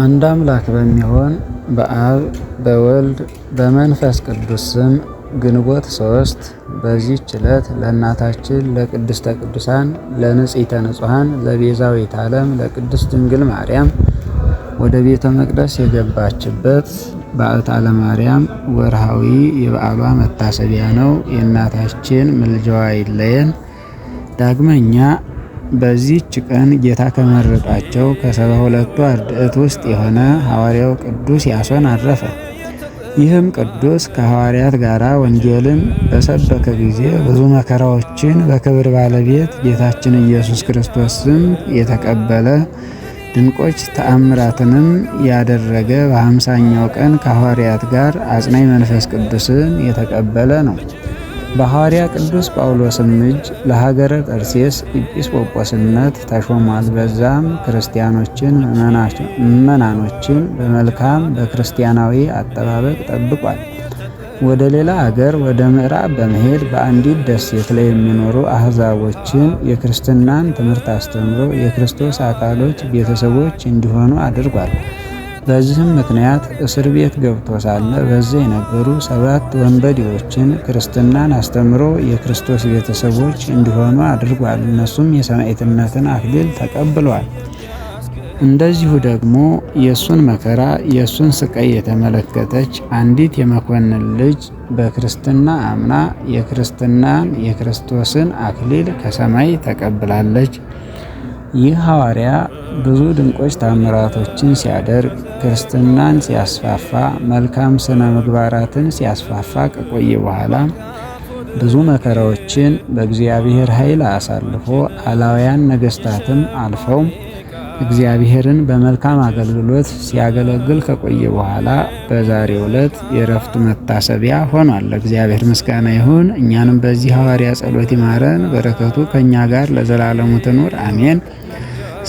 አንድ አምላክ በሚሆን በአብ በወልድ በመንፈስ ቅዱስ ስም ግንቦት ሶስት በዚህች ዕለት ለእናታችን ለቅድስተ ቅዱሳን ለንጽሕተ ንጹሐን ለቤዛዊት ዓለም ለቅድስት ድንግል ማርያም ወደ ቤተ መቅደስ የገባችበት በዓታ ለማርያም ወርሃዊ የበዓሏ መታሰቢያ ነው። የእናታችን ምልጃዋ ይለየን። ዳግመኛ በዚህች ቀን ጌታ ከመረጣቸው ከሰባ ሁለቱ አርድእት ውስጥ የሆነ ሐዋርያው ቅዱስ ያሶን አረፈ። ይህም ቅዱስ ከሐዋርያት ጋር ወንጌልን በሰበከ ጊዜ ብዙ መከራዎችን በክብር ባለቤት ጌታችን ኢየሱስ ክርስቶስ ስም የተቀበለ ድንቆች ተአምራትንም ያደረገ በሀምሳኛው ቀን ከሐዋርያት ጋር አጽናኝ መንፈስ ቅዱስን የተቀበለ ነው። በሐዋርያ ቅዱስ ጳውሎስም እጅ ለሀገረ ጠርሴስ ኢጲስቆጶስነት ተሾሟል። በዛም ክርስቲያኖችን ምዕመናኖችን በመልካም በክርስቲያናዊ አጠባበቅ ጠብቋል። ወደ ሌላ አገር ወደ ምዕራብ በመሄድ በአንዲት ደሴት ላይ የሚኖሩ አሕዛቦችን የክርስትናን ትምህርት አስተምሮ የክርስቶስ አካሎች ቤተሰቦች እንዲሆኑ አድርጓል። በዚህም ምክንያት እስር ቤት ገብቶ ሳለ በዚያ የነበሩ ሰባት ወንበዴዎችን ክርስትናን አስተምሮ የክርስቶስ ቤተሰቦች እንዲሆኑ አድርጓል። እነሱም የሰማዕትነትን አክሊል ተቀብሏል። እንደዚሁ ደግሞ የእሱን መከራ የእሱን ስቃይ የተመለከተች አንዲት የመኮንን ልጅ በክርስትና አምና የክርስትናን የክርስቶስን አክሊል ከሰማይ ተቀብላለች። ይህ ሐዋርያ ብዙ ድንቆች ታምራቶችን ሲያደርግ ክርስትናን ሲያስፋፋ መልካም ስነ ምግባራትን ሲያስፋፋ ከቆየ በኋላ ብዙ መከራዎችን በእግዚአብሔር ኃይል አሳልፎ አላውያን ነገስታትም አልፈው እግዚአብሔርን በመልካም አገልግሎት ሲያገለግል ከቆየ በኋላ በዛሬው ዕለት የእረፍቱ መታሰቢያ ሆኗል። ለእግዚአብሔር ምስጋና ይሁን። እኛንም በዚህ ሐዋርያ ጸሎት ይማረን፣ በረከቱ ከእኛ ጋር ለዘላለሙ ትኑር አሜን።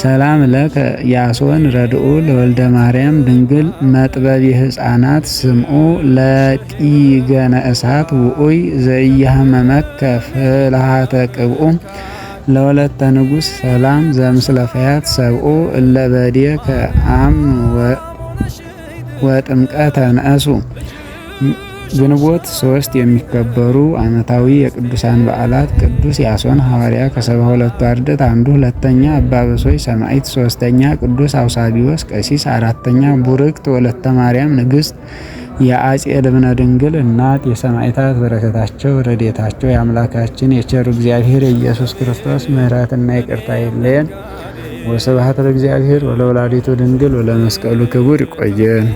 ሰላም ለከ ያሶን ረድኡ ለወልደ ማርያም ድንግል መጥበብ የሕፃናት ስምኡ ለጢገነ እሳት ውኡይ ዘኢያህመመከ ፍልሃተ ቅብኡ ለወለተ ንጉሥ ሰላም ዘምስለፈያት ሰብኡ እለ በድየ ከአም ወጥምቀተ ነእሱ። ግንቦት ሶስት የሚከበሩ ዓመታዊ የቅዱሳን በዓላት ቅዱስ ያሶን ሐዋርያ ከሰባ ሁለቱ አርድእት አንዱ፣ ሁለተኛ አባ በሶይ ሰማዕት፣ ሶስተኛ ቅዱስ አውሳቢዎስ ቀሲስ፣ አራተኛ ቡርክት ወለተ ማርያም ንግሥት የአጼ ልብነ ድንግል እናት የሰማዕታት በረከታቸው ረዴታቸው የአምላካችን የቸሩ እግዚአብሔር የኢየሱስ ክርስቶስ ምሕረትና ይቅርታ ይለየን። ወስብሐት ለእግዚአብሔር ወለወላዲቱ ድንግል ወለመስቀሉ ክቡር። ይቆየን።